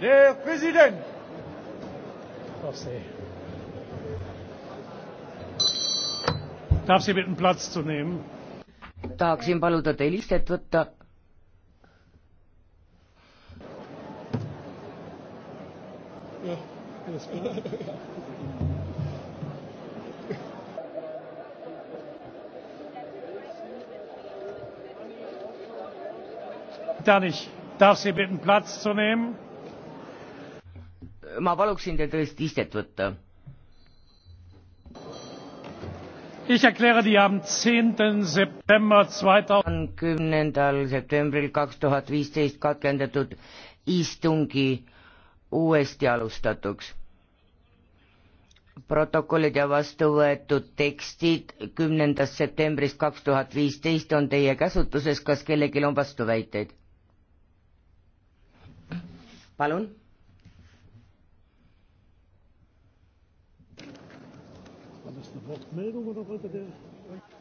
Der Präsident. Darf Sie bitten, Platz zu nehmen? tahaksin paluda teil istet võtta. jah, kuidas ka. dann ich darf sie bitten platz zu nehmen ma paluksin teil tõesti istet võtta. on kümnendal septembril kaks tuhat viisteist katkendatud istungi uuesti alustatuks. protokollid ja vastu võetud tekstid kümnendast septembrist kaks tuhat viisteist on teie käsutuses, kas kellelgi on vastuväiteid? palun anders de wortmeldingen nog altijd.